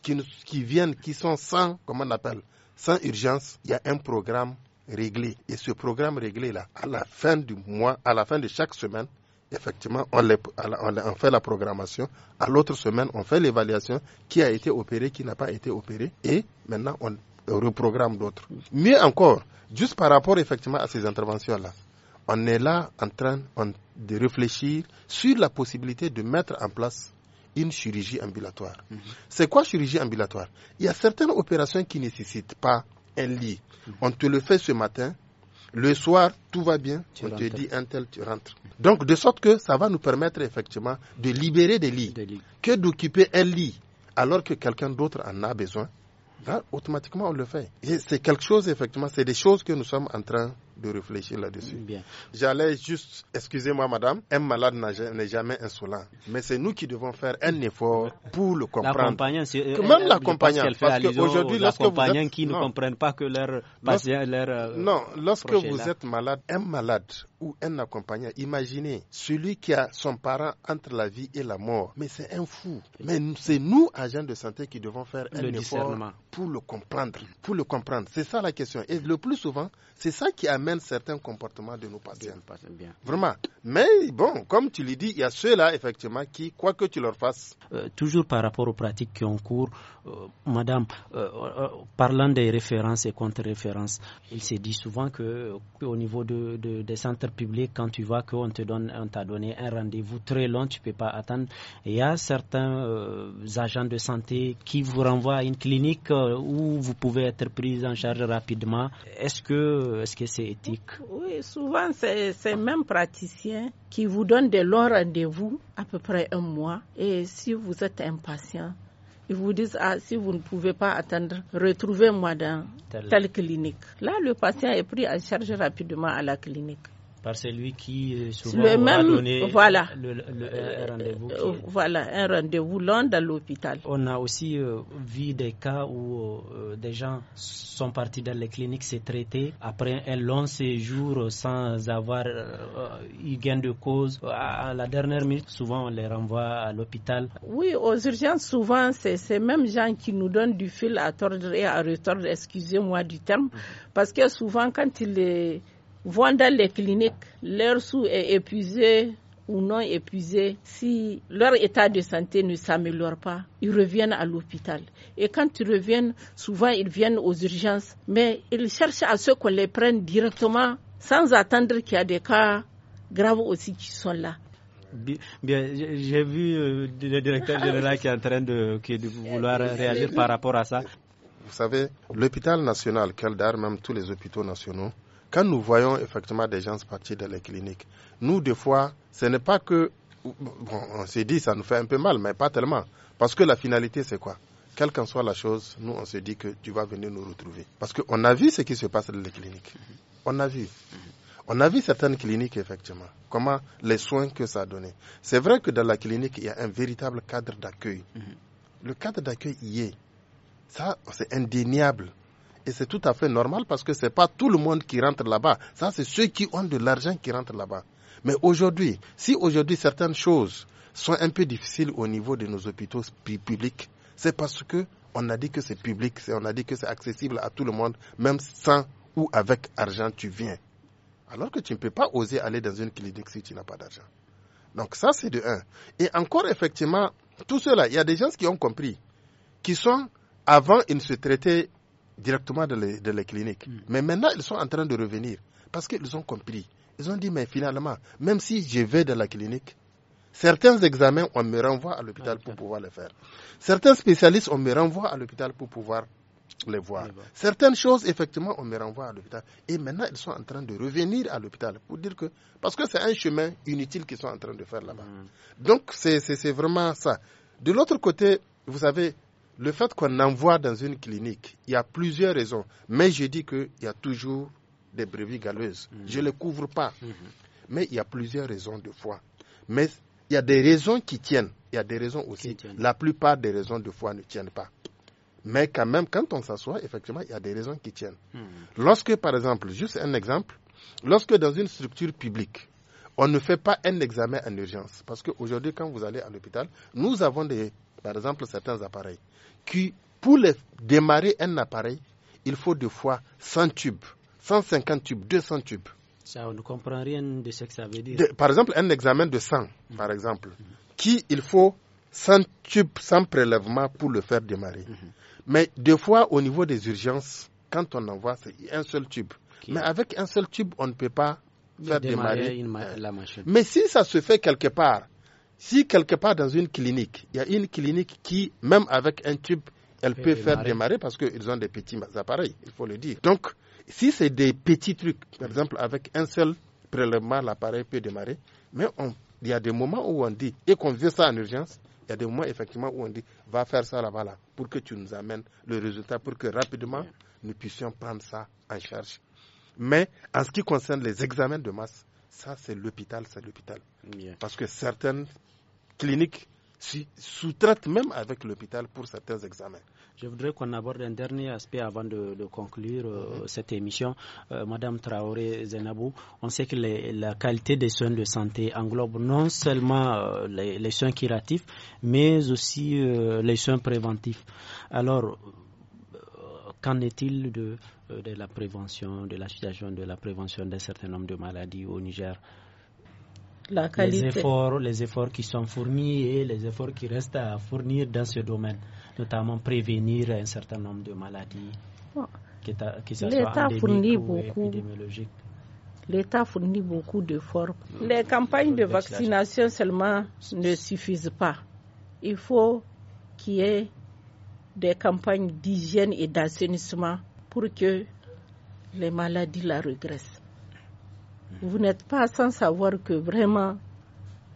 qui, qui viennent, qui sont sans, comment on appelle, sans urgence, il y a un programme réglé. Et ce programme réglé-là, à la fin du mois, à la fin de chaque semaine, effectivement, on, fait la programmation. À l'autre semaine, on fait l'évaluation qui a été opéré, qui n'a pas été opéré. Et maintenant, on reprogramme d'autres. Mieux encore, juste par rapport effectivement à ces interventions-là, on est là en train de réfléchir sur la possibilité de mettre en place une chirurgie ambulatoire. Mhm. C'est quoi chirurgie ambulatoire Il y a certaines opérations qui ne nécessitent pas un lit. Mhm. On te le fait ce matin, le soir, tout va bien, on te dit un tel, tu rentres. Donc, de sorte que ça va nous permettre effectivement de libérer des lits, que d'occuper un lit alors que quelqu'un d'autre en a besoin. Hein, automatiquement, on le fait. c'est quelque chose, effectivement, c'est des choses que nous sommes en train de réfléchir là-dessus. J'allais juste, excusez-moi madame, un malade n'est jamais insolent. Mais c'est nous qui devons faire un effort pour le comprendre. Euh, même euh, l'accompagnant. parce parce qu'aujourd'hui, lorsque qui ne comprennent pas que leur patient, euh, non, lorsque vous êtes malade, un malade ou un accompagnant, imaginez celui qui a son parent entre la vie et la mort. Mais c'est un fou. Mais c'est nous, agents de santé, qui devons faire un effort pour le comprendre. Pour le comprendre. C'est ça la question. Et le plus souvent, c'est ça qui amène certains comportements de nos patients. Bien. Vraiment. Mais bon, comme tu l'as dis, il y a ceux-là, effectivement, qui, quoi que tu leur fasses. Euh, toujours par rapport aux pratiques qui ont cours, euh, madame, euh, parlant des références et contre-références, il s'est dit souvent que au niveau de, des centres publics, quand tu vois qu'on te donne, on t'a donné un rendez-vous très long, tu peux pas attendre. Il y a certains agents de santé qui vous renvoient à une clinique où vous pouvez être pris en charge rapidement. Est-ce que, est-ce que c'est oui, souvent, c'est ces mêmes praticiens qui vous donnent des longs rendez-vous, à peu près un mois. Et si vous êtes impatient, ils vous disent ah, si vous ne pouvez pas attendre, retrouvez-moi dans telle. telle clinique. Là, le patient est pris en charge rapidement à la clinique par celui qui euh, souvent même, a donné voilà, un euh, rendez-vous. Euh, voilà, un rendez-vous long dans l'hôpital. On a aussi vu des cas où des gens sont partis dans les cliniques se traiter après un long séjour sans avoir eu gain de cause. À, la dernière minute, souvent, on les renvoie à l'hôpital. Oui, aux urgences, souvent, c'est ces mêmes gens qui nous donnent du fil à tordre et à retordre, excusez-moi du terme, mhm. parce que souvent, quand il est vont dans les cliniques, leur sou est épuisé ou non épuisé, si leur état de santé ne s'améliore pas, ils reviennent à l'hôpital. Et quand ils reviennent, souvent ils viennent aux urgences, mais ils cherchent à ce qu'on les prenne directement sans attendre qu'il y a des cas graves aussi qui sont là. Bien, j'ai vu euh, le directeur général qui est en train de, vouloir euh, réagir euh, par rapport à ça. Vous savez, l'hôpital national, Keldar, même tous les hôpitaux nationaux, quand nous voyons effectivement des gens partir de les cliniques, nous, des fois, ce n'est pas que. Bon, on s'est dit, ça nous fait un peu mal, mais pas tellement. Parce que la finalité, c'est quoi Quelle qu'en soit la chose, nous, on se dit que tu vas venir nous retrouver. Parce qu'on a vu ce qui se passe dans les cliniques. On a vu. On a vu certaines cliniques, effectivement, comment les soins que ça a C'est vrai que dans la clinique, il y a un véritable cadre d'accueil. Mm-hmm. Le cadre d'accueil y est. Ça, c'est indéniable. Et c'est tout à fait normal parce que ce n'est pas tout le monde qui rentre là-bas. Ça, c'est ceux qui ont de l'argent qui rentrent là-bas. Mais aujourd'hui, si aujourd'hui certaines choses sont un peu difficiles au niveau de nos hôpitaux publics, c'est parce que on a dit que c'est public, on a dit que c'est accessible à tout le monde, même sans ou avec argent tu viens. Alors que tu ne peux pas oser aller dans une clinique si tu n'as pas d'argent. Donc ça, c'est de un. Et encore, effectivement, tout cela, il y a des gens qui ont compris, qui sont, avant, ils ne se traitaient directement dans les, cliniques. Hmm. Mais maintenant, ils sont en train de revenir parce qu'ils ont compris. Ils ont dit, mais finalement, même si je vais dans la clinique, certains examens, on me renvoie à l'hôpital ah, pour pouvoir les faire. Certains spécialistes, on me renvoie à l'hôpital pour pouvoir les voir. Certaines choses, effectivement, on me renvoie à l'hôpital. Et maintenant, ils sont en train de revenir à l'hôpital pour dire que. Parce que c'est un chemin inutile qu'ils sont en train de faire là-bas. Hmm. Donc, c'est vraiment ça. De l'autre côté, vous savez, le fait qu'on envoie dans une clinique, il y a plusieurs raisons. Mais je dis qu'il y a toujours des brebis galeuses. Mhm. Je ne les couvre pas. Mhm. Mais il y a plusieurs raisons de foi. Mais il y a des raisons qui tiennent. Il y a des raisons aussi. La plupart des raisons de foi ne tiennent pas. Mais quand même, quand on s'assoit, effectivement, il y a des raisons qui tiennent. Mhm. Lorsque, par exemple, juste un exemple, lorsque dans une structure publique, on ne fait pas un examen en urgence. Parce qu'aujourd'hui, quand vous allez à l'hôpital, nous avons des, par exemple, certains appareils pour démarrer un appareil, il faut deux fois 100 tubes, 150 tubes, 200 tubes. Ça, on ne comprend rien de ce que ça veut dire. par exemple, un examen de sang, par exemple, qui il faut 100 tubes, 100 prélèvements pour le faire démarrer. Mhm. Mais deux fois, au niveau des urgences, quand on envoie, c'est un seul tube. Mais avec un seul tube, on ne peut pas faire démarrer, euh, la machine. Mais si ça se fait quelque part, si quelque part dans une clinique, il y a une clinique qui, même avec un tube, elle peut faire démarrer parce qu'ils ont des petits appareils, il faut le dire. Donc, si c'est des petits trucs, par exemple, avec un seul prélèvement, l'appareil peut démarrer, mais il y a des moments où on dit, et qu'on veut ça en urgence, il y a des moments effectivement où on dit, va faire ça là-bas, là, pour que tu nous amènes le résultat, pour que rapidement nous puissions prendre ça en charge. Mais en ce qui concerne les examens de masse, ça, c'est l'hôpital, c'est l'hôpital. Parce que certaines cliniques sous-traitent même avec l'hôpital pour certains examens. Je voudrais qu'on aborde un dernier aspect avant de, conclure euh, mhm. cette émission. Euh, Madame Traoré Zenabou, on sait que la qualité des soins de santé englobe non seulement euh, les, soins curatifs, mais aussi les soins préventifs. Alors, Qu'en est-il de, euh, de la prévention, de la situation de la prévention d'un certain nombre de maladies au Niger Les efforts, les efforts qui sont fournis et les efforts qui restent à fournir dans ce domaine, notamment prévenir un certain nombre de maladies. L'État fournit beaucoup. L'État fournit beaucoup d'efforts. Euh, les campagnes de vaccination seulement ne suffisent pas. Il faut qu'il y ait des campagnes d'hygiène et d'assainissement pour que les maladies la regressent. Vous n'êtes pas sans savoir que vraiment,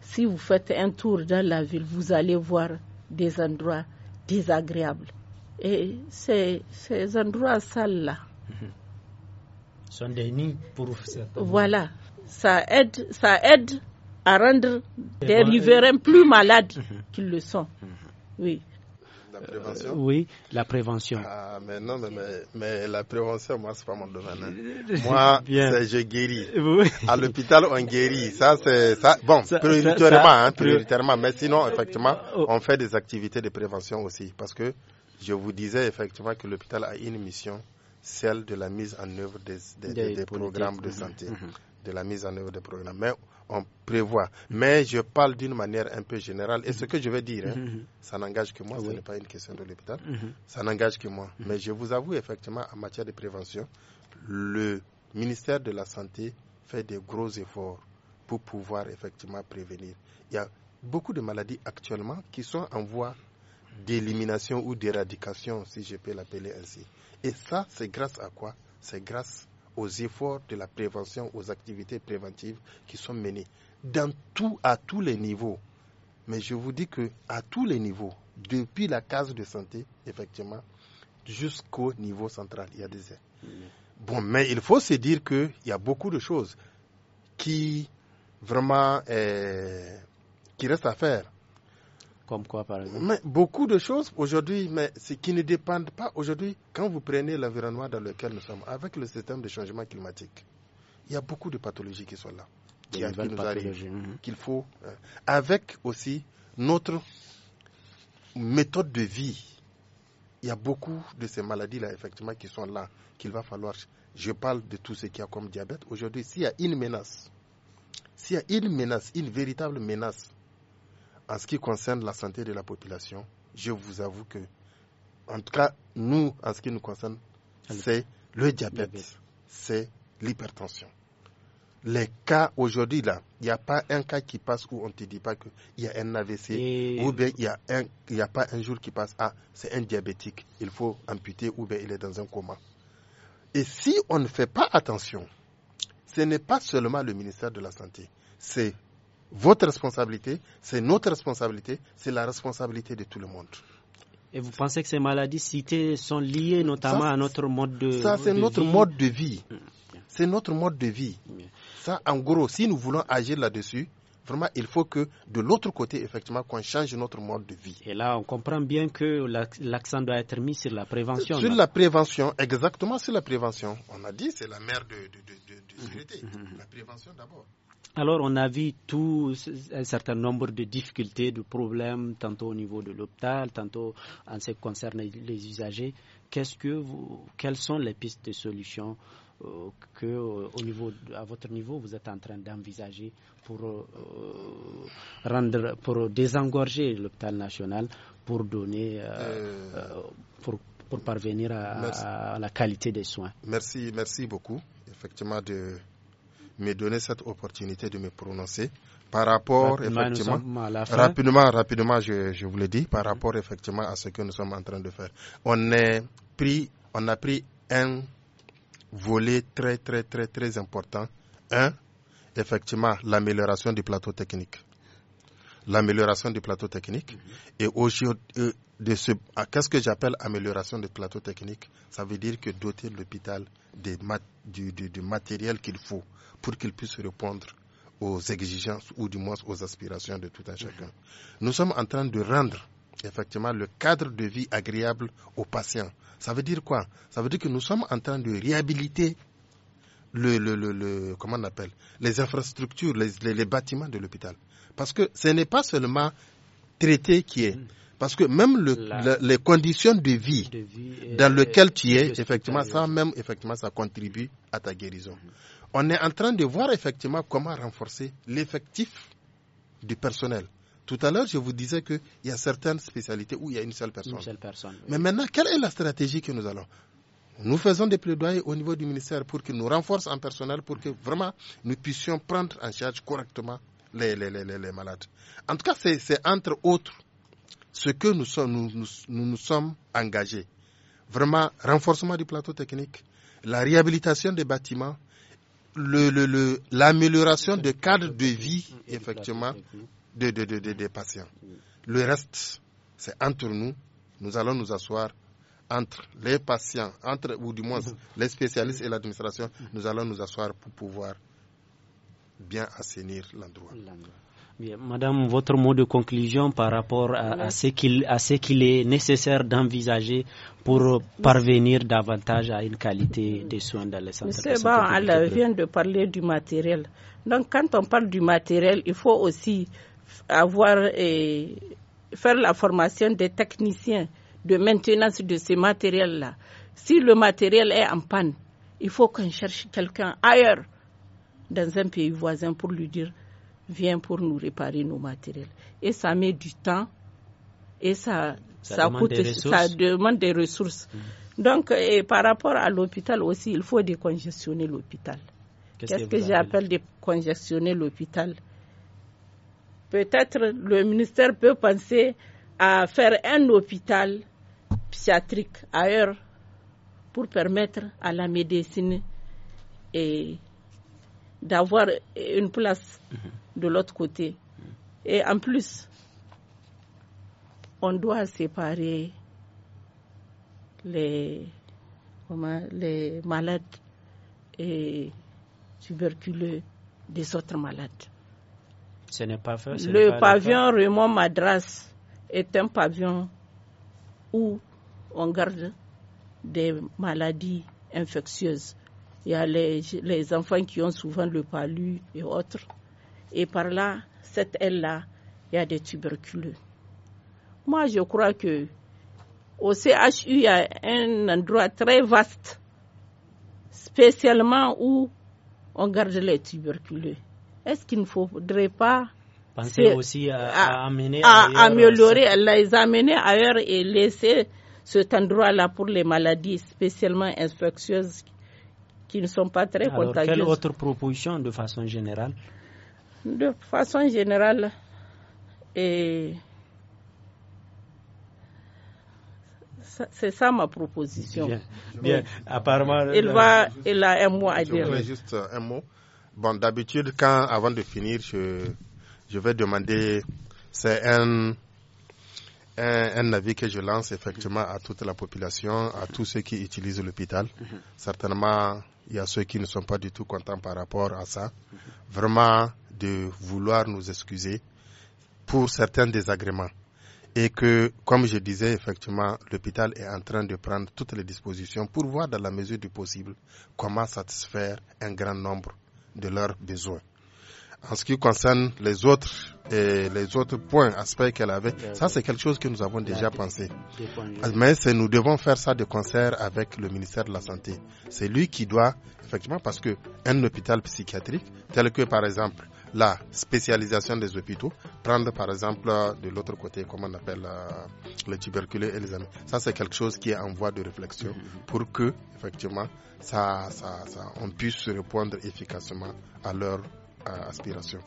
si vous faites un tour dans la ville, vous allez voir des endroits désagréables. Et ces, ces endroits sales-là mhm. sont des nids pour Voilà, ça aide, ça aide à rendre des riverains plus malades mhm. qu'ils le sont. Mhm. Oui. La euh, prévention Oui, la prévention. Ah, mais non, mais, mais, la prévention, moi, c'est pas mon domaine. Hein. Moi, je guéris. À l'hôpital, on guérit. Ça, c'est ça. Bon, prioritairement, hein, prioritairement. Mais sinon, oh. effectivement, oh. on fait des activités de prévention aussi. Parce que je vous disais effectivement que l'hôpital a une mission, celle de la mise en œuvre des, des, programmes de santé. Mhm. De la mise en œuvre des programmes. Mais on prévoit. Mais je parle d'une manière un peu générale. Et ce mhm. que je veux dire, hein, mhm. ça n'engage que moi, ah ce n'est pas une question de l'hôpital. Mhm. Ça n'engage que moi. Mais je vous avoue, effectivement, en matière de prévention, le ministère de la Santé fait des gros efforts pour pouvoir effectivement prévenir. Il y a beaucoup de maladies actuellement qui sont en voie d'élimination ou d'éradication, si je peux l'appeler ainsi. Et ça, c'est grâce à quoi C'est grâce aux efforts de la prévention, aux activités préventives qui sont menées dans tout, à tous les niveaux. Mais je vous dis que à tous les niveaux, depuis la case de santé, effectivement, jusqu'au niveau central, il y a des aides. Bon, mais il faut se dire qu'il y a beaucoup de choses qui vraiment euh, qui restent à faire. Comme quoi, par exemple mais Beaucoup de choses aujourd'hui, mais ce qui ne dépend pas aujourd'hui, quand vous prenez l'environnement dans lequel nous sommes, avec le système de changement climatique, il y a beaucoup de pathologies qui sont là, qui, nous arrivent, hein. qu'il faut. Euh, avec aussi notre méthode de vie, il y a beaucoup de ces maladies-là, effectivement, qui sont là, qu'il va falloir. Je parle de tout ce qu'il y a comme diabète. Aujourd'hui, s'il y a une menace, s'il y a une menace, une véritable menace en ce qui concerne la santé de la population, je vous avoue que, en tout cas, nous, en ce qui nous concerne, c'est le diabète, c'est l'hypertension. Les cas aujourd'hui, là, il n'y a pas un cas qui passe où on ne te dit pas qu'il y a un AVC ou bien il n'y a, y a pas un jour qui passe, ah, c'est un diabétique, il faut amputer ou bien il est dans un coma. Et si on ne fait pas attention, ce n'est pas seulement le ministère de la Santé, c'est votre responsabilité, c'est notre responsabilité, c'est la responsabilité de tout le monde. Et vous pensez que ces maladies citées sont liées notamment à notre mode de, vie Ça, c'est notre mode de vie. C'est notre mode de vie. Ça, en gros, si nous voulons agir là-dessus, vraiment, il faut que de l'autre côté, effectivement, qu'on change notre mode de vie. Et là, on comprend bien que l'accent doit être mis sur la prévention. Sur la prévention, exactement sur la prévention. On a dit, c'est la mère de, de, de, mmh, mmh, mmh. La prévention d'abord. Alors, on a vu tout un certain nombre de difficultés, de problèmes, tantôt au niveau de l'hôpital, tantôt en ce qui concerne les usagers. quest que vous, quelles sont les pistes de solutions euh, que, euh, au niveau, à votre niveau, vous êtes en train d'envisager pour euh, rendre, pour désengorger l'hôpital national, pour donner, pour, parvenir à, à, la qualité des soins. Merci, merci beaucoup, effectivement de me donner cette opportunité de me prononcer par rapport effectivement rapidement rapidement je, je vous le dis par rapport effectivement à ce que nous sommes en train de faire on est pris on a pris un volet très très très très important un effectivement l'amélioration du plateau technique l'amélioration du plateau technique mhm. et aujourd'hui euh, de ce qu'est-ce que j'appelle amélioration du plateau technique ça veut dire que doter l'hôpital du, du, du matériel qu'il faut pour qu'ils puissent répondre aux exigences ou du moins aux aspirations de tout un chacun. Nous sommes en train de rendre effectivement le cadre de vie agréable aux patients. Ça veut dire quoi Ça veut dire que nous sommes en train de réhabiliter le, le, on appelle les infrastructures, les, bâtiments de l'hôpital. Parce que ce n'est pas seulement traiter qui est. Parce que même les conditions de vie, dans lesquelles tu es, effectivement, ça même, effectivement, ça contribue à ta guérison on est en train de voir effectivement comment renforcer l'effectif du personnel. Tout à l'heure, je vous disais qu'il y a certaines spécialités où il y a une seule personne. Mais maintenant, quelle est la stratégie que nous allons Nous faisons des plaidoyers au niveau du ministère pour qu'il nous renforce en personnel, pour que vraiment nous puissions prendre en charge correctement les, malades. En tout cas, c'est entre autres ce que nous, nous sommes engagés. Vraiment, renforcement du plateau technique, la réhabilitation des bâtiments, l'amélioration le, le, l'amélioration de cadres de vie, mm, mm, effectivement, mm, de, de, de, des patients. Le reste, c'est entre nous. Nous allons nous asseoir entre les patients, entre, ou du moins mm-hmm. les spécialistes et mm-hmm. l'administration. Mm-hmm. Nous allons nous asseoir pour pouvoir bien assainir l'endroit. Madame, votre mot de conclusion par rapport à, ce qu'il est nécessaire d'envisager pour parvenir davantage à une qualité des soins dans les centres de santé. elle vient de parler du matériel. Donc, quand on parle du matériel, il faut aussi avoir et faire la formation des techniciens de maintenance de ces matériel-là. Si le matériel est en panne, il faut qu'on cherche quelqu'un ailleurs dans un pays voisin pour lui dire vient pour nous réparer nos matériels. Et ça met du temps et ça, ça, demande, coûte, des ça demande des ressources. Mm. Donc, par rapport à l'hôpital aussi, il faut décongestionner l'hôpital. Qu'est-ce que, j'appelle décongestionner l'hôpital Peut-être le ministère peut penser à faire un hôpital psychiatrique ailleurs pour permettre à la médecine d'avoir une place. Mm-hmm de l'autre côté. Et en plus, on doit séparer les, les malades et tuberculeux des autres malades. Ce n'est pas fait. le pavillon Raymond Madras est un pavillon où on garde des maladies infectieuses. Il y a les, enfants qui ont souvent le palu et autres. Et par là, cette aile-là, il y a des tuberculeux. Moi, je crois que au CHU, il y a un endroit très vaste, spécialement où on garde les tuberculeux. Est-ce qu'il ne faudrait pas penser aussi à, à euh, améliorer, les amener ailleurs et laisser cet endroit-là pour les maladies spécialement infectieuses qui ne sont pas très Alors, contagieuses. Quelle autre proposition de façon générale de façon générale, et c'est ça ma proposition. Bien, apparemment. Il, euh, va, il a un mot à dire. Je juste euh, un mot. Bon, d'habitude, quand, avant de finir, je, vais demander. C'est un, un, un, avis que je lance effectivement à toute la population, à tous ceux qui utilisent l'hôpital. Mhm. Certainement, il y a ceux qui ne sont pas du tout contents par rapport à ça. Vraiment, de vouloir nous excuser pour certains désagréments et que, comme je disais, effectivement, l'hôpital est en train de prendre toutes les dispositions pour voir dans la mesure du possible comment satisfaire un grand nombre de leurs besoins. En ce qui concerne les autres et les autres points, aspects qu'elle avait, ça c'est quelque chose que nous avons déjà pensé. Mais nous devons faire ça de concert avec le ministère de la Santé. C'est lui qui doit, effectivement, parce que un hôpital psychiatrique, tel que par exemple la spécialisation des hôpitaux, prendre par exemple euh, de l'autre côté, comme on appelle euh, le tuberculeux et les amis. Ça, c'est quelque chose qui est en voie de réflexion mm-hmm, mm-hmm. pour que, effectivement, ça, ça, on puisse répondre efficacement à leurs euh, aspirations.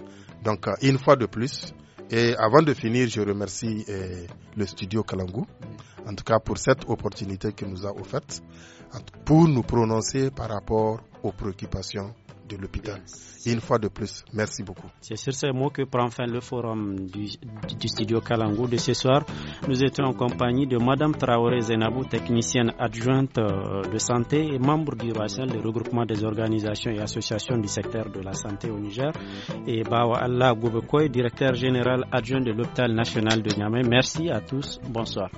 Donc, une fois de plus, et avant de finir, je remercie le studio Kalangu, en tout cas pour cette opportunité qu'il nous a offerte, pour nous prononcer par rapport aux préoccupations de l'hôpital. une fois de plus, merci beaucoup. C'est sur ces mots que prend fin le forum du, studio Kalangou de ce soir. Nous étions en compagnie de Madame Traoré Zenabou, technicienne adjointe euh, de santé et membre du RACEL, le regroupement des organisations et associations du secteur de la santé au Niger, et Bawa Allah Goubekoy, directeur général adjoint de l'hôpital national de Niamey. Merci à tous. Bonsoir.